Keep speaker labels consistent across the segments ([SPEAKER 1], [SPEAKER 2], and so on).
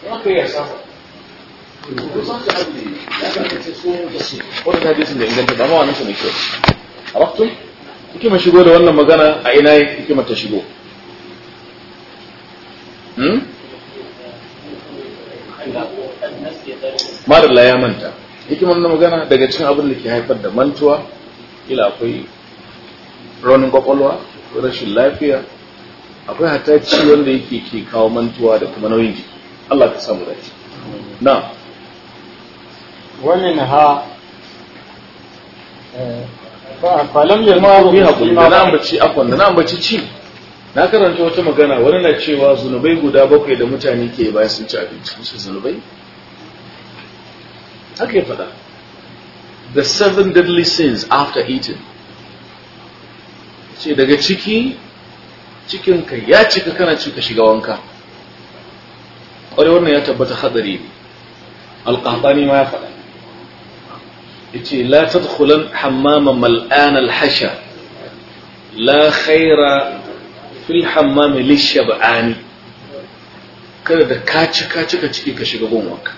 [SPEAKER 1] kuma ka yi saba da abu ne ya kasance so da su wata ta bisin da inganta ba wannan su mai kyau a waktun hikima shigo da wannan magana a ina hikimar ta shigo hmm?
[SPEAKER 2] marilla ya manta
[SPEAKER 1] hikimar na magana daga cikin abin da ke haifar da mantuwa kila akwai raunin kwakwalwa rashin lafiya akwai hata ciwon da yake ke kawo mantuwa da kuma nauyin jiki Allah ka samu dace na wannan ha falam eh, ya ma da na ambaci da na ci na karanta wata magana wani na cewa zunubai guda bakwai da mutane ke bayan sun ci abinci su zunubai haka ya faɗa the seven deadly sins after eating ce daga ciki cikinka ya cika kana cika shiga wanka kwarai wannan ya tabbata hadari ne alƙaɓani ma ya faɗa yace la tadkhulan hammama mal'an alhasha la khaira fil hammam ba'ani, kada da kaci kaci ka ciki ka shiga gonwanka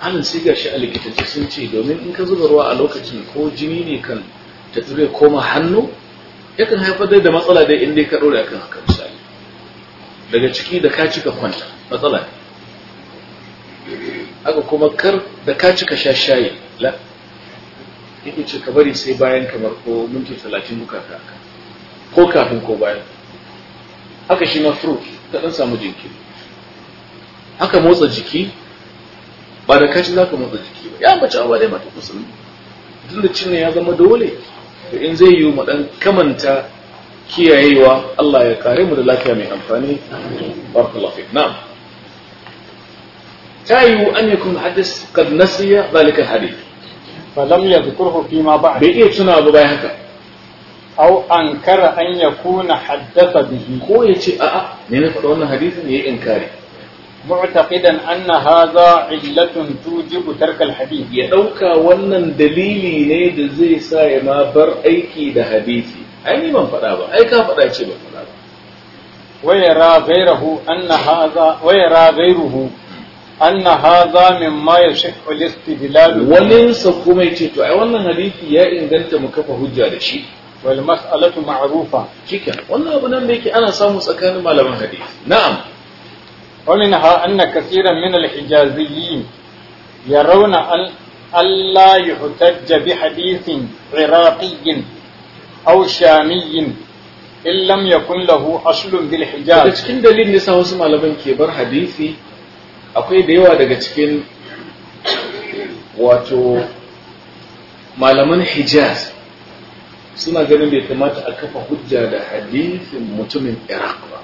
[SPEAKER 1] halin sai shi a likitace sun ce domin in ka zuba ruwa a lokacin ko jini ne kan ta zai koma hannu yakan haifar da matsala da inda ka ɗore akan haka daga ciki da ka cika kwanta matsala ne haka kuma kar da ka cika sha shayi la yake ce ka bari sai bayan kamar ko minti talatin buka ka ko kafin ko bayan haka shi na fruit ka dan samu jinkiri haka motsa jiki ba da kashi za ka motsa jiki ba ya mace abuwa dai mata musulmi tun da cinne ya zama dole to in zai yi mu dan kamanta kiyayewa Allah ya kare mu da lafiya mai amfani barakallahu fik na'am tayu an yakun hadis kad nasiya zalika hadith falam yadhkuruhu fi ma ba'd bai iya tuna ba bayan haka aw ankara an yakuna haddatha bihi ko yace a a ne ne faɗa wannan hadisin yayi inkari mu'taqidan anna hadha illatun tujibu tarkal hadith ya dauka wannan dalili ne da zai sa ya ma bar aiki da hadisi Aini ban faɗa ba ai ka faɗa ce ban faɗa ba wayara gairahu anna hadha min gairuhu anna hadha mimma yashihhu al-istidlal walin sa kuma yace to ai wannan hadisi ya inganta mu kafa hujja da shi wal mas'alatu ma'rufa cikin wannan abu nan da yake ana samu tsakanin malaman hadisi na'am ومنها أن كثيرا من الحجازيين يرون أن لا يحتج بحديث عراقي aw shamiyin in lam yakun lahu aslun bil daga cikin dalilin yasa wasu malaman ke bar hadisi akwai da yawa daga cikin wato malaman hijaz suna ganin bai kamata a kafa hujja da hadisin mutumin iraq ba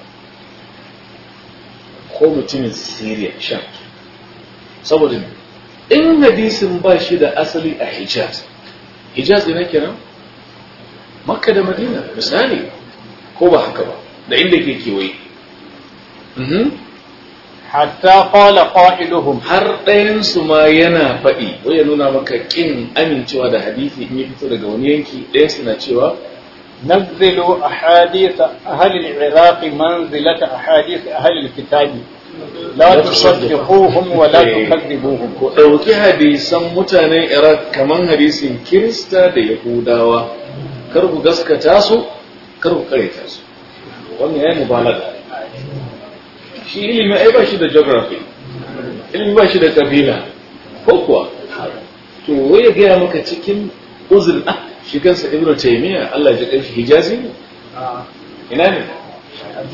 [SPEAKER 1] ko mutumin syria sham saboda in hadisin ba shi da asali a hijaz hijaz ina kenan makka da madina misali ko ba haka ba da inda ke kewaye mhm. hatta kwala qailuhum har ɗayansu ma yana faɗi wai ya nuna maka kin amincewa da hadisi in yi fito daga wani yanki ɗayan su na cewa nazzilu ahadith ahli al-iraq manzilata ahadith ahli al-kitab la tusaddiquhum wa la eh. tukazzibuhum ko dauki hadisan mutanen iraq kaman hadisin kirista da yahudawa kar ku gaskata su kar ku karyata su wannan yayi mubalaga shi ilimi ai ba shi da geography ilimi ba shi da kabila ko kuwa to waye gaya maka cikin uzur a ah, shi kansa ibnu taymiya Allah ya kai shi hijazi ne ina ne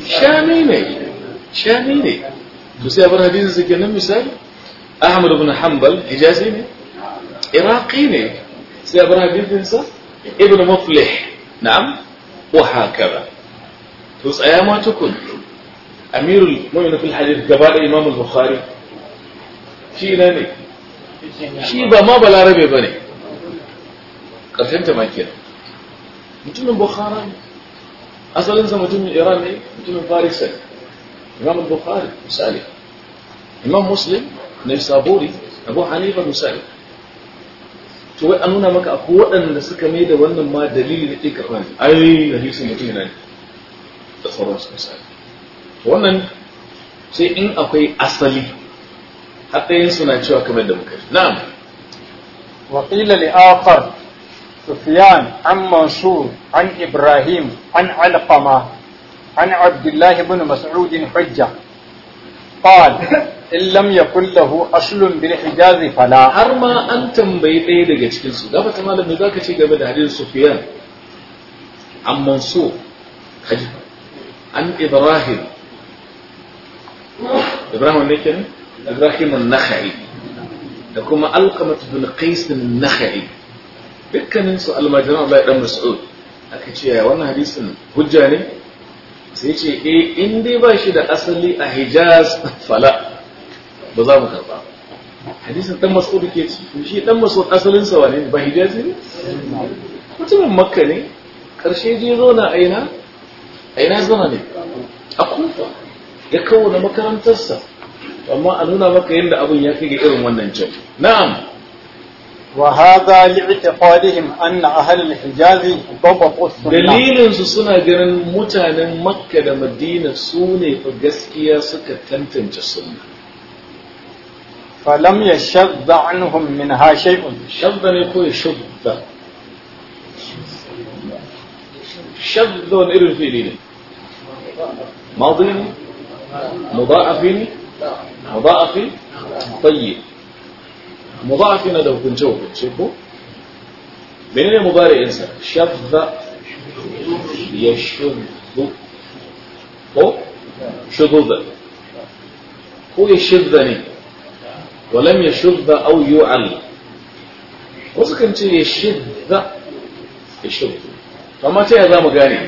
[SPEAKER 1] shami ne shami ne to sai abin hadisi suke nan misali ahmad ibn hanbal hijazi ne iraqi ne sai abin hadisin sa ابن مفلح نعم وهكذا توس أيام تكون أمير المؤمن في الحديث قبال إمام البخاري شيء لاني شيء بما بلا ربي بني قرفمت ما كير متون البخارة أصلا إنسا متون من إيران متون من البخاري مسالي إمام مسلم نيسابوري أبو حنيفة مسالي to wai an nuna maka akwai waɗanda suka mai da wannan ma dalili da ke karɓar ai hadisin mutum yana da sauran su misali wannan sai in akwai asali haɗayin suna cewa kamar da muka na'am wa qila li akhar sufyan an mansur an ibrahim an alqama an abdullah ibn mas'ud hujja qala in lam yakul aslun bil hijazi fala har ma an tambayi ɗaya daga cikin su gaba ta malam za zaka ce game da hadisin sufyan an mansur kaji an ibrahim ibrahim ne kenan ibrahim an-nakhai da kuma alqamat bin qais an-nakhai dukkanin su almajiran Allah dan mas'ud aka ce wannan hadisin hujja ne sai ce eh in dai ba shi da asali a hijaz fala ba za mu karba hadisin dan mas'ud ke ci shi dan mas'ud asalin sa wane ba hijazi ne mutumin makka ne karshe je zo na aina aina zama ne a kufa ya kawo na makarantarsa amma a nuna maka yadda abin ya kai ga irin wannan can na'am wa hadha li'tiqadihim anna ahli al-hijaz dabaqu as-sunnah dalilin su suna ganin mutanen makka da madina sune fa gaskiya suka tantance sunna فلم يشذ عنهم منها شيء شذ يكون شذ شذ إلى الفيلين ماضي مضاعف مضاعف طيب مضاعف ندو كنجو شوفوا اللي مضارع انسى شذ يشذ هو شذوذ هو يشذني ولم يشب أو يعل وسكن شيء يشذ يشذ فما شيء هذا مغاني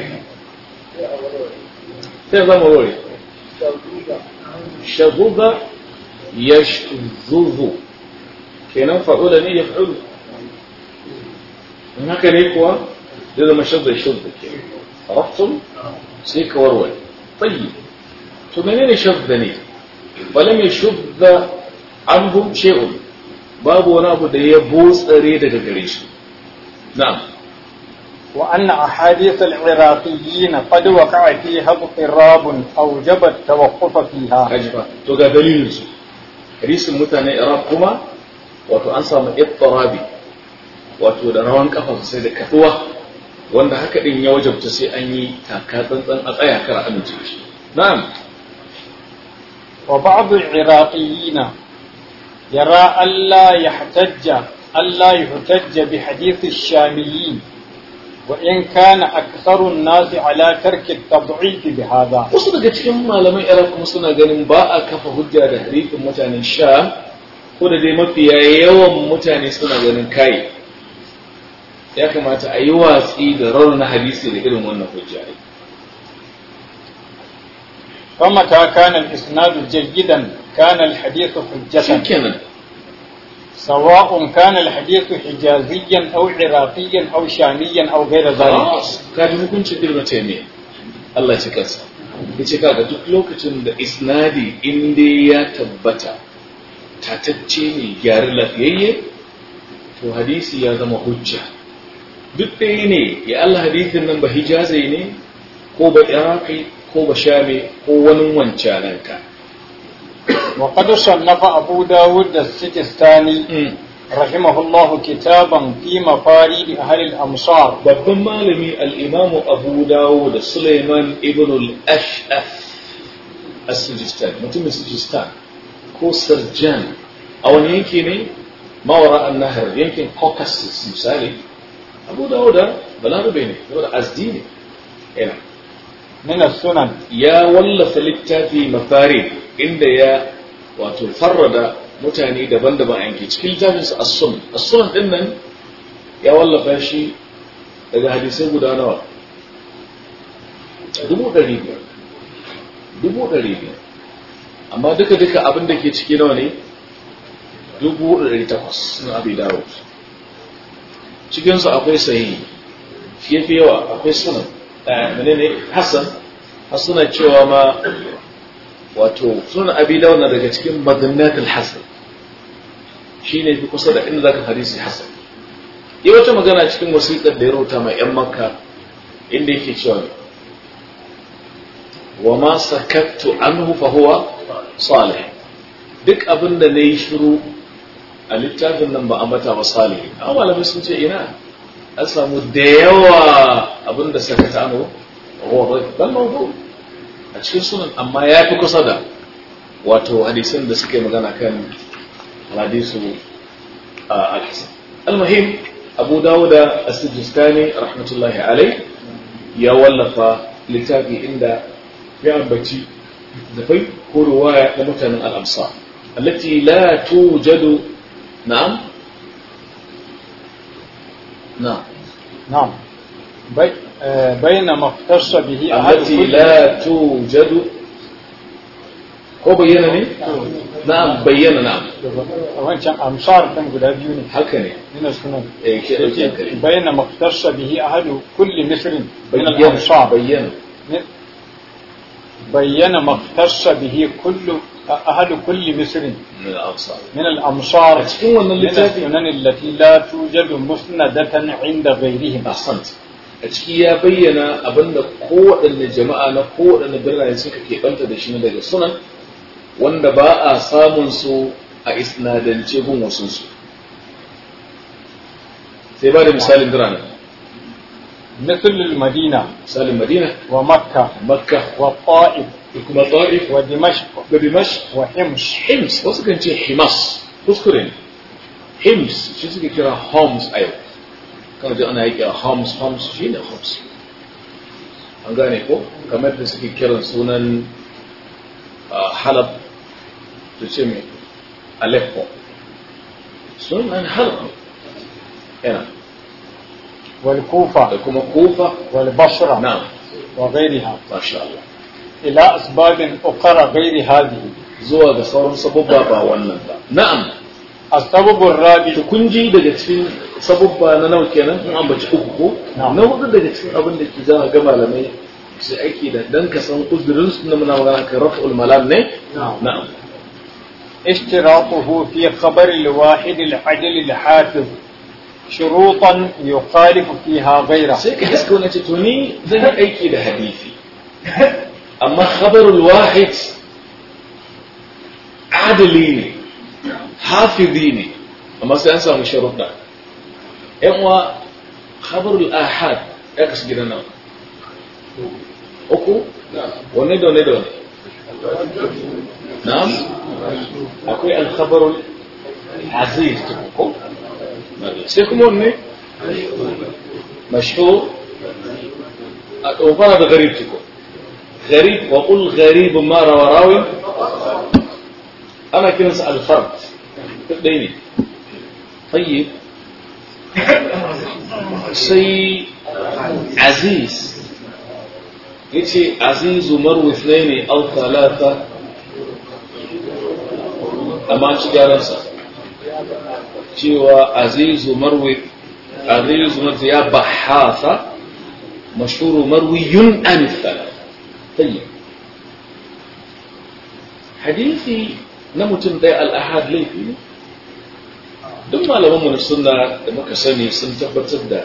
[SPEAKER 1] شيء هذا مروري شذوذ يشذوذ كينا فعول ني يفعل هناك نيكوا لذا ما شذ يشذ عرفتم سيك وروي طيب ثم منين يشذني ولم يشذ an hum shay'un babu wani abu da ya botsare daga gare shi na'am wa anna ahadith al-iraqiyyin qad waqa'a fi hadqirab awjaba at-tawaqquf fiha ajba to ga dalilin su hadisin mutanen iraq kuma wato an samu ittirabi wato da rawan kafa sai da kafuwa wanda haka din ya wajabta sai an yi taka tsantsan a tsaya kar amince shi na'am wa ba'd al-iraqiyyin يرى ألا يحتج ألا يحتج بحديث الشاميين وإن كان أكثر الناس على ترك التضعيف بهذا wasu daga cikin malaman Iraq kuma suna ganin ba kafa hujja da hadisin mutane sha, ko da dai mafiya yawan mutane suna ganin kai ya kamata a yi watsi da raunin hadisi da irin wannan hujja فمتى كان الإسناد جيدا كان الحديث حجة شكنا سواء كان الحديث حجازيا أو عراقيا أو شاميا أو غير ذلك كان ممكن تبير متيمية الله يتكسر yace kaga duk lokacin da isnadi in dai ya tabbata tatacce ne gyari lafiyayye to hadisi ya zama hujja duk ɗaya ne ya Allah hadithin nan ba hijazai ne ko ba iraqi ko ba shame ko wani wancananka وقد صنف أبو داود السجستاني رحمه الله كتابا في مفاريد أهل الأمصار ببما لمي الإمام أبو داود سليمان ابن الأشأف السجستاني متم السجستان كو سرجان أو يمكنني ما وراء النهر يمكن كوكاسس مثالي أبو داود بلا ربيني داود أزديني هنا من السنن يا ولف للتافي مفاريد إن يا wato farrada mutane daban-daban a yanki cikin littafin su as-sun as-sun din nan ya wallafa shi daga hadisai guda nawa dubu ɗari biyar dubu ɗari biyar amma duka-duka abin da ke ciki nawa ne dubu ɗari takwas na abi dawo cikinsu akwai sayi fiye fiye yawa akwai sunan eh, mene ne hassan hassana cewa ma wato sunan abi na daga cikin madinatul hasan shine fi kusa da inda zaka hadisi hasan yi wata magana cikin wasiƙar da ya rubuta mai yan makka inda yake cewa wa ma sakattu an hufa huwa salih duk abin da nayi shiru a littafin nan ba mata ba salih amma malamai sun ce ina an samu da yawa abin da sakata anhu wa huwa a cikin sunan amma ya fi kusa da wato hadisin da suke magana kan hadisu al-hasan al-muhim abu dawuda as-sijistani rahmatullahi alai ya wallafa littafi inda ya ambaci da fai ko ruwaya na mutanen al-amsa allati la tujadu na'am na'am na'am آه، بين ما اختص به التي لا توجد هو بينا نعم نعم بينا نعم وانت امصار كم قد هبيوني حكا نعم من السنان إيه، بين ما اختص به احد كل مثل من الامصار بينا بين ما اختص به كل احد كل مثل من الامصار من الامصار من السنن التي لا توجد مسندة عند غيرهم احسنت a ciki ya bayyana abinda kowaɗanne jama'a na kowaɗanne birane suka keɓanta da shi daga sunan wanda ba a samun su a isnadance gun wasu su sai ba da misalin birane misalin madina misalin madina wa makka makka wa ta'if da kuma ta'if wa dimashq da dimashq wa hims hims wasu kan ce himas shi suke kira homs a yau kan ji ana yake homs homs shi ne homs an gane ko kamar da suke kiran sunan halab su ce mai aleppo sunan halab yana والكوفة لكم كوفة والبشرة نعم وغيرها ما شاء الله إلى أسباب أخرى غير هذه زوا بصور سبب نعم asbabur rabi Tukunji ji daga cikin sababba na nawa kenan in ambaci uku ko na hudu daga cikin abin da ke zama ga malamai sai aiki da dan ka san uzurin su na muna magana kan raf'ul malam ne na'am اشتراطه في خبر الواحد العدل الحافظ شروطا يخالف فيها غيره سيك تسكون تتوني زي ايكي ده حديثي اما خبر الواحد حافظي ني اما سان سامو شروط دا خبر الاحاد اكس جدنا اوكو نعم. ونه دو نه دو نعم اكو الخبر العزيز تكوكو سيكمو ني مشهور اوفا غريب تكو غريب وقل غريب ما روى راوي أنا كنا نسأل الفرد تقديني طيب سي عزيز إيشي عزيز ومروا اثنين أو ثلاثة أما أنت قال أنسى شيوا عزيز ومروي عزيز ومروي يا بحاثة مشهور مروي أنثى طيب حديثي na mutum ɗaya al'ahad laifi ne duk malaman na suna da muka sani sun tabbatar da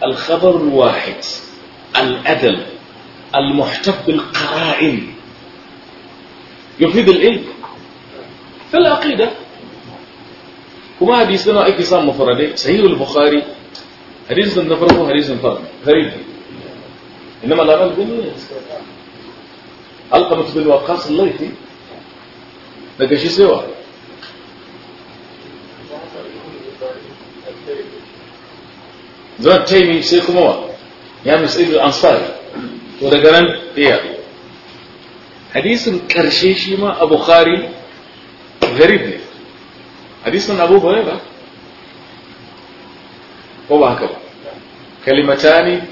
[SPEAKER 1] alkhabar wahid al'adal al-muhtabbil qara'in yufid al-ilm fil aqida kuma hadisi na ake samu farade sahih al-bukhari hadisin na farko hadisin farko gharib inma al-amal bin alqamat bin waqas al-laythi daga shi sai wa zuwan taimi sai kuma wa ya musaibul ansari to daga nan iya hadisin karshe shi ma a bukhari garib ne hadisin abu huraira ko ba haka ba kalimatani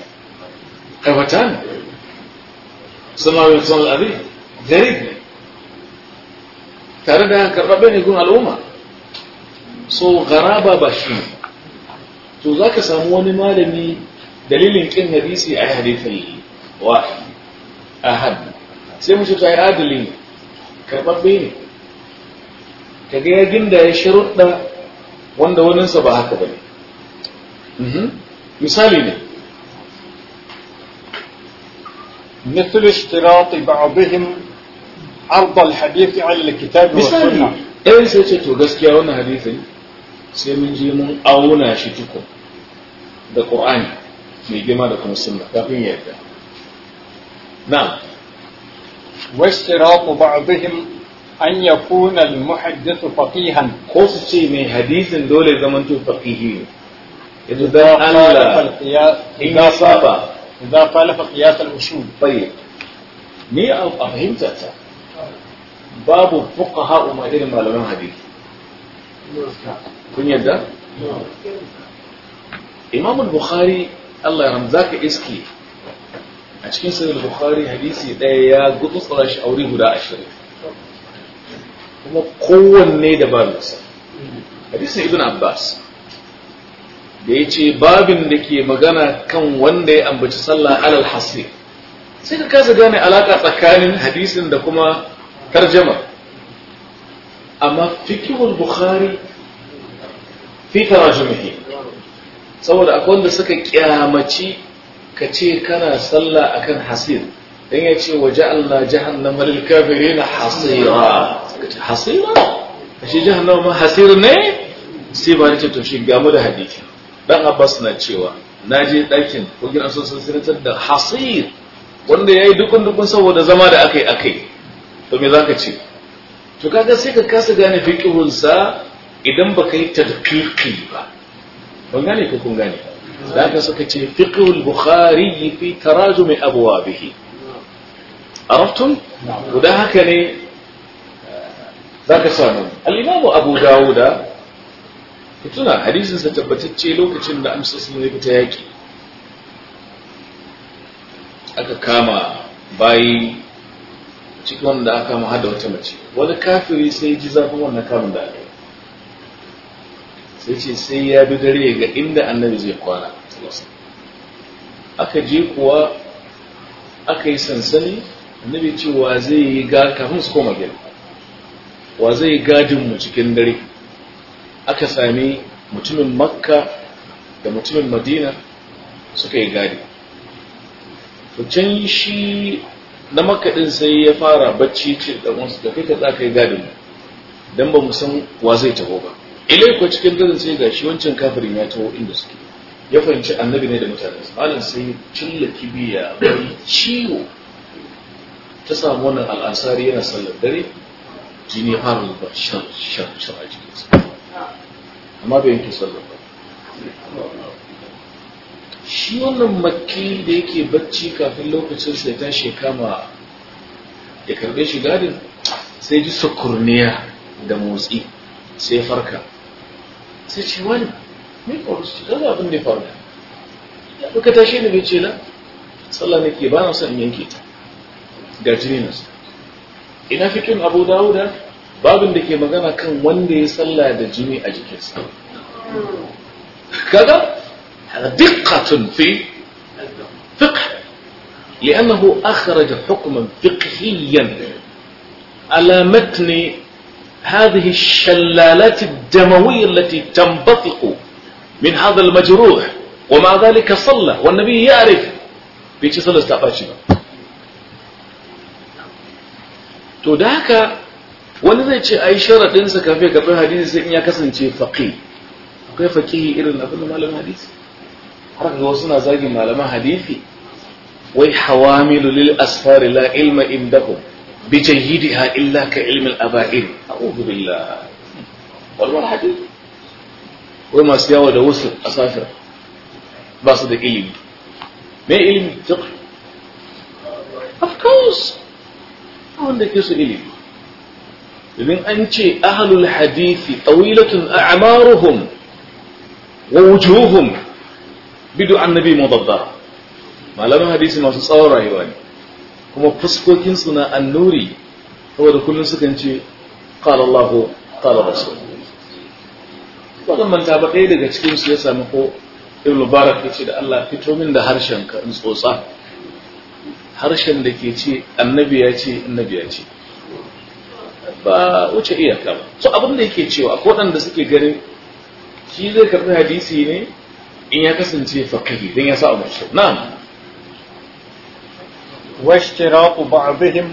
[SPEAKER 1] qawatan sama yusul abi garib ne tare da karɓaɓɓe ne gun al'umma so garaba ba shi to za ka samu wani malami dalilin ƙin hadisi a hadifin wa ahad sai mutu ta yi adali ne karɓaɓɓe ne ka ga yagin da ya sharuɗa wanda waninsa ba haka ba ne mhm. misali ne مثل اشتراط بعضهم عرض الحديث على الكتاب والسنة إيه سيتو قسكي أونا حديثي سيمن جيمون أونا شتوكم ده قرآن في جماعة السنة تقنية نعم واشتراط بعضهم أن يكون المحدث فقيها خصوصي من حديث دولة زمنتو فقيهين إذا خالف القياس إذا صاب إذا خالف القياس الأصول طيب مي أو أفهمت babu fuqaha umma irin malaman hadisi kun yadda Imam al-Bukhari Allah ya ka iski a cikin sahih bukhari hadisi daya ya gutsura shi aure guda ashirin. kuma kowanne da babinsa hadisin Ibn Abbas da ya ce babin da ke magana kan wanda ya ambaci sallah alal hasi sai ka kasa gane alaka tsakanin hadisin da kuma tarjama amma fikihul bukhari fi tarajumihi saboda akwai wanda suka kyamaci kace kana sallah akan hasir dan ya ce waje Allah jahannama lil kafirin hasira hasira shi jahannama hasir ne sai ba ni ce to shi gamu da hadisi dan Abbas na cewa je dakin ko gidan sun da hasir wanda yayi dukun dukun saboda zama da akai akai to me ka ce to kaga sai ka kasa gane fiqhun sa idan baka yi tadqiqi ba ban gane ko kun gane zaka suka ce fiqhul bukhari fi tarajum abwabihi arabtum to guda haka ne eh, zaka samu al abu dawuda tuna hadisin tabbatacce lokacin da amsa sun yi ta yaki aka kama bayi cikin wanda aka kama hada wata mace wani kafiri sai ji zafin wannan kamun da aka sai ce sai ya bi dare ga inda annabi zai kwana aka je kuwa aka yi sansani annabi ce wa zai yi ga kafin su koma gida wa zai yi gadin mu cikin dare aka sami mutumin makka da mutumin madina suka yi gadi to can shi na makaɗin sai ya fara bacci ce da wasu da ka za ka yi gadin don ba mu san wa zai taho ba ilai ko cikin daren sai ga shi wancan kafirin ya taho inda suke ya fahimci annabi ne da mutane malam sai cilla kibiya mai ciwo ta samu wannan al'asari yana sallar dare jini har ba shan shan a jikinsa amma bai yanke sallar ba shi wannan makki da yake bacci kafin lokacin sai ta shekama ya karbe shi gadin sai ji sukurniya da motsi sai farka sai ce wani mai faru su ta abin da faru ya buka tashi ne mai ce na tsalla ne ke ba na son yanke ta ga jini nasu ina fikin abu dawuda babin da ke magana kan wanda ya tsalla da jini a jikinsa kaga هذا دقة في فقه لأنه أخرج حكما فقهيا على متن هذه الشلالات الدموية التي تنبثق من هذا المجروح ومع ذلك صلى والنبي يعرف بيتي صلى استعفاشي تداك ولذي تشي أي شارة لنسك فيك في حديث إن يكسن تشي فقي فقي فقي إلا نفل مال الحديث har ga wasu na zagin malaman hadisi wai hawamilu lil asfari la ilma indahu bi jayyidiha illa ka ilmi al aba'ir a'udhu billah wal hadith wai masu yawo da wasu asafir ba su da ilimi me ilimi fiqh of course wanda ke su ilimi domin an ce ahlul hadithi tawilatun a'maruhum wa wujuhum bidu annabi mudabbara malaman hadisi masu tsawon rayuwa ne kuma fuskokin suna na annuri saboda kullum sukan ce qala Allah qala rasu. wannan manta ba ɗaya daga cikin su ya sami ko ibn mubarak ce da Allah fito min da harshen ka in tsotsa harshen da ke ce annabi ya ce annabi ya ce ba wuce iyaka ba so abin da yake cewa ko waɗanda suke ganin shi zai karɓi hadisi ne in ya kasance faqihi dan ya sa abu su na'am واشتراط بعضهم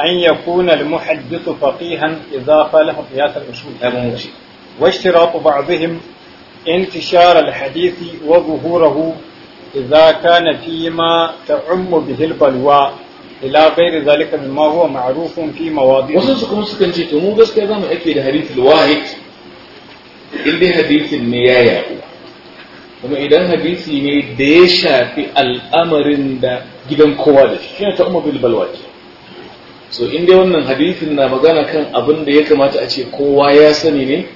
[SPEAKER 1] أن يكون المحدث فقيها إضافة له قياس الأصول واشتراط بعضهم انتشار الحديث وظهوره إذا كان فيما تعم به البلوى إلى غير ذلك مما هو معروف في مواضيع wasu su kuma sukan ce to mu gaskiya zamu ake da hadith alwahid in dai hadithin ne ya yaɗu kuma idan hadisi ne da ya shafi al'amarin da gidan kowa da shi ta umar bilbalwa ke so in dai wannan hadisin na magana kan abin da ya kamata a ce kowa ya sani ne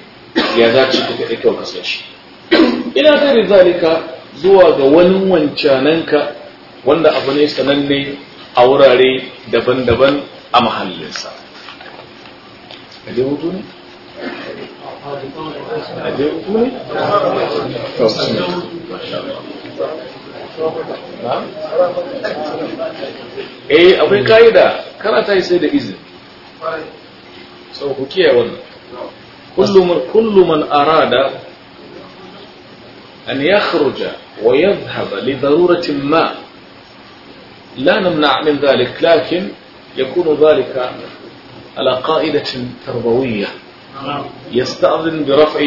[SPEAKER 1] ya za ci kuka ɗauka kasa shi ina ta zalika zuwa ga wani wancananka wanda abu ne sananne a wurare daban-daban a mahallinsa. ne? eh akwai ka'ida kana ta yi sai da izini sau ku kiyaye wannan kullu man arada an yakhruja wa yadhhab li daruratin ma la namna min dhalik lakin yakunu dhalika ala qa'idatin tarbawiyya يستأذن برفع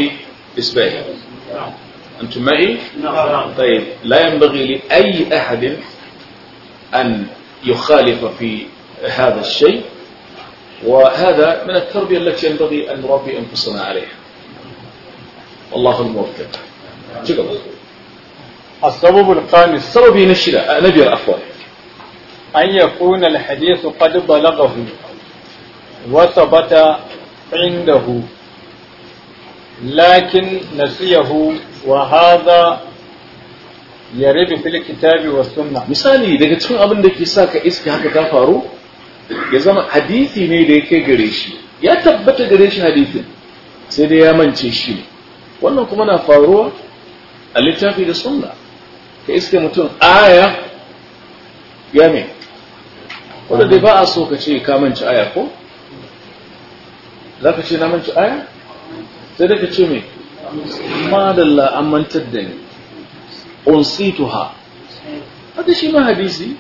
[SPEAKER 1] إسبابه أنتم معي؟ طيب لا ينبغي لأي أحد أن يخالف في هذا الشيء وهذا من التربية التي ينبغي أن نربي أنفسنا عليها والله الموفق شكرا السبب الخامس السبب نشرة آه، نبي عفوا أن يكون الحديث قد بلغه وثبت عنده لكن نسيه وهذا يرد في الكتاب والسنة misali daga cikin abin da ke sa ka iska haka ta faru ya zama hadisi ne da yake gare shi ya tabbatar gare shi hadisin sai dai ya mance shi wannan kuma na faruwa a littafi da sunna ka iske mutum aya ya me wanda ba a so ka ce ka mance aya ko za ce na manci aya sai da madalla da ni unsituha shi ma hadisi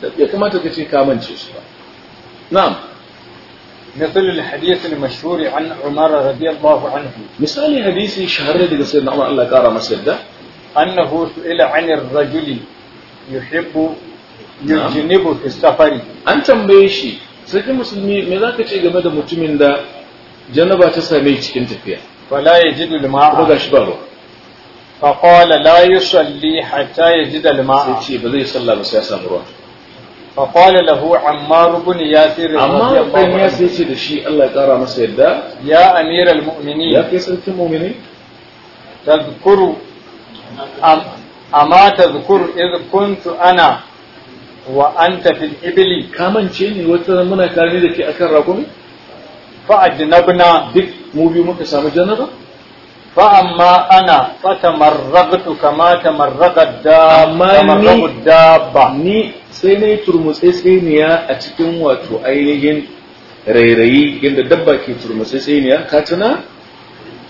[SPEAKER 1] da kamata ka mance shi na'am مثل الحديث المشهور عن عمر رضي الله عنه مثال حديث شهر لدى نعم، سيدنا عمر الله كارا مسجد أنه سئل عن الرجل يحب نعم. يجنب في السفر أنت مبيشي سيدنا مسلمي ماذا كتير جمد متمن ده janaba ta same cikin tafiya wala yajidu al-ma'a ko gashi ba ruwa fa qala la yusalli hatta yajida al-ma'a sai ce ba zai salla ba sai ya samu ruwa fa qala lahu ammar ibn yasir amma ibn yasir ce da shi Allah ya kara masa yadda ya amiral mu'minin ya kai sarkin mu'mini tadhkuru amma tadhkuru idh kuntu ana wa anta fil ibli kamance ne wata muna tare da ke akan rakumi fa duk mu biyu muka samu janaba fa amma ana fatamarraqtu kama da ba. ni sai yi turmutsetseniya a cikin wato ainihin rairayi yadda dabba ke turmutsetseniya ka tuna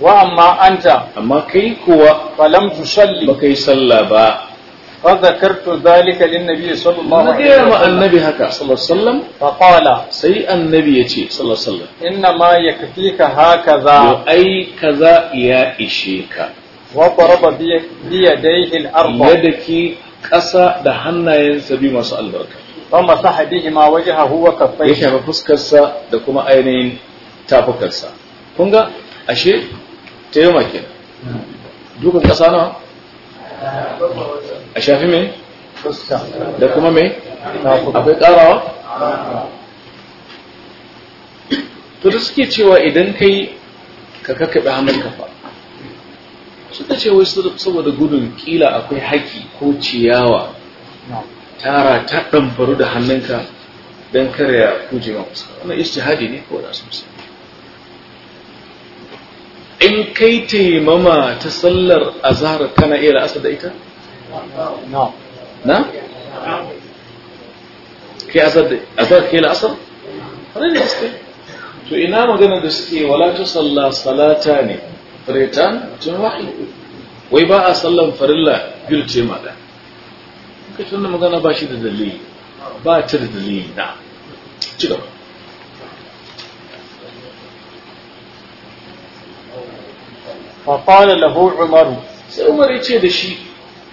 [SPEAKER 1] wa amma anta amma kai kuwa falam tusalli ba yi sallah ba fa zakartu zalika lin nabi sallallahu alaihi wasallam ya annabi haka sallallahu alaihi wasallam fa qala sai annabi yace sallallahu alaihi wasallam inna ma yakfika hakaza ai kaza ya ishe ka wa qaraba bi yadayhi al-arba yadaki ƙasa da hannayensa biyu masu albarka wa masaha bihima wajhahu wa kaffayhi ya shafa fuskarsa da kuma ainihin tafukarsa Kunga? ashe ta ƙasa nawa a shafi mai da kuma mai akwai karawa to da suke cewa idan kai ka kakkaɓe hannun kafa suka ce wai saboda gudun kila akwai haki ko ciyawa tara ta ɗanfaru da hannunka don karya kuje ma fuska wannan hadi ne ko da sosai in kai taimama ta sallar azhar kana iya la'asar da ita نعم, نعم. كي أسد أسد كي الأصل فلن يسكي تو إنام دين دستي ولا تصلى صلاة تاني فريتان تون واحد ويباء صلى فرلا قلت ما دا كي تون مغانا باشي دليل با تر دليل نعم تلو فقال له عمر سي عمر يتشي دشي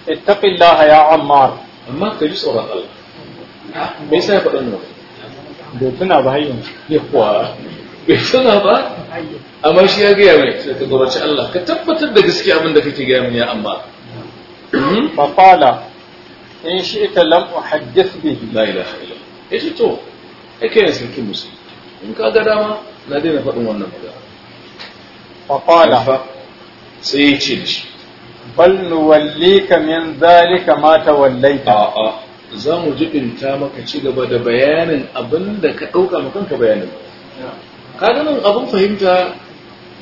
[SPEAKER 1] ittaqillaha ya ammar amma ka ji tsoron Allah me yasa ya faɗa nan bai tuna ba hayyan yawa bai tuna ba amma shi ya gaya mai sai ka gobace Allah ka tabbatar da gaskiya abin da kake gaya min ya amma hmm? fa qala in shi'ta lam uhaddith bihi la ilaha illa yace to ake yin sarkin musulmi in ka ga dama na daina faɗin wannan magana fa qala sai ya ce da shi bal nuwallika min zalika ma tawallaita a za mu jibinta maka ci gaba da bayanin abin da ka ɗauka ma kanka bayanin ka ganin abin fahimta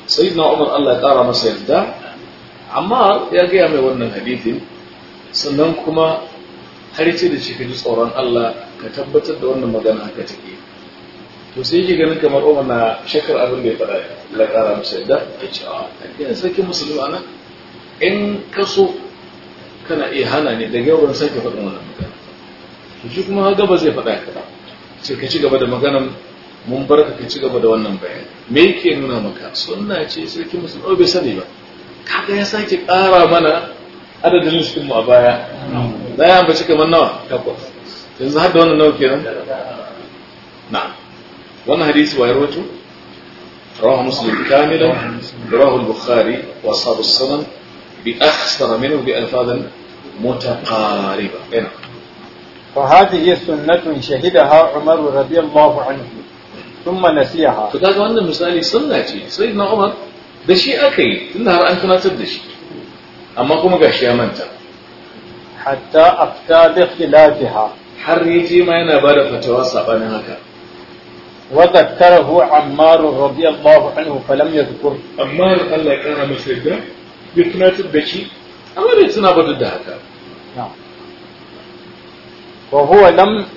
[SPEAKER 1] sayyidina Umar Allah ya ƙara masa yarda amma ya gaya mai wannan hadithin sannan kuma har ce da shi ka ji tsoron Allah ka tabbatar da wannan magana haka take to sai yake ganin kamar Umar na shakar abin da ya faɗa ya ƙara masa yarda ya cewa a sarkin musulmi nan. in ka so kana iya hana ne da yau sake faɗin wannan magana to shi kuma haka gaba zai faɗa ka ba sai ka ci gaba da maganan mun bar ka ci gaba da wannan bayan me yake nuna maka sunna ce sarki musulmi bai sani ba kaga ya sake ƙara mana adadin cikin mu a baya na ya ambaci kamar nawa takwas yanzu har da wannan nawa kenan na wannan hadisi wa yarwato رواه مسلم كاملا Bukhari, Wasu واصحاب Sanan. بأخسر منه بألفاظ متقاربة هنا فهذه سنة شهدها عمر رضي الله عنه ثم نسيها فكاد أن مثالي سنة سيدنا عمر da shi aka yi har an tunatar da shi amma kuma gashi ya manta hatta afta bi khilafiha har yaje ma yana ba fatawa sabanin haka wa zakkarahu ammar ya kara ya tunatar da shi a bai tuna da haka wa huwa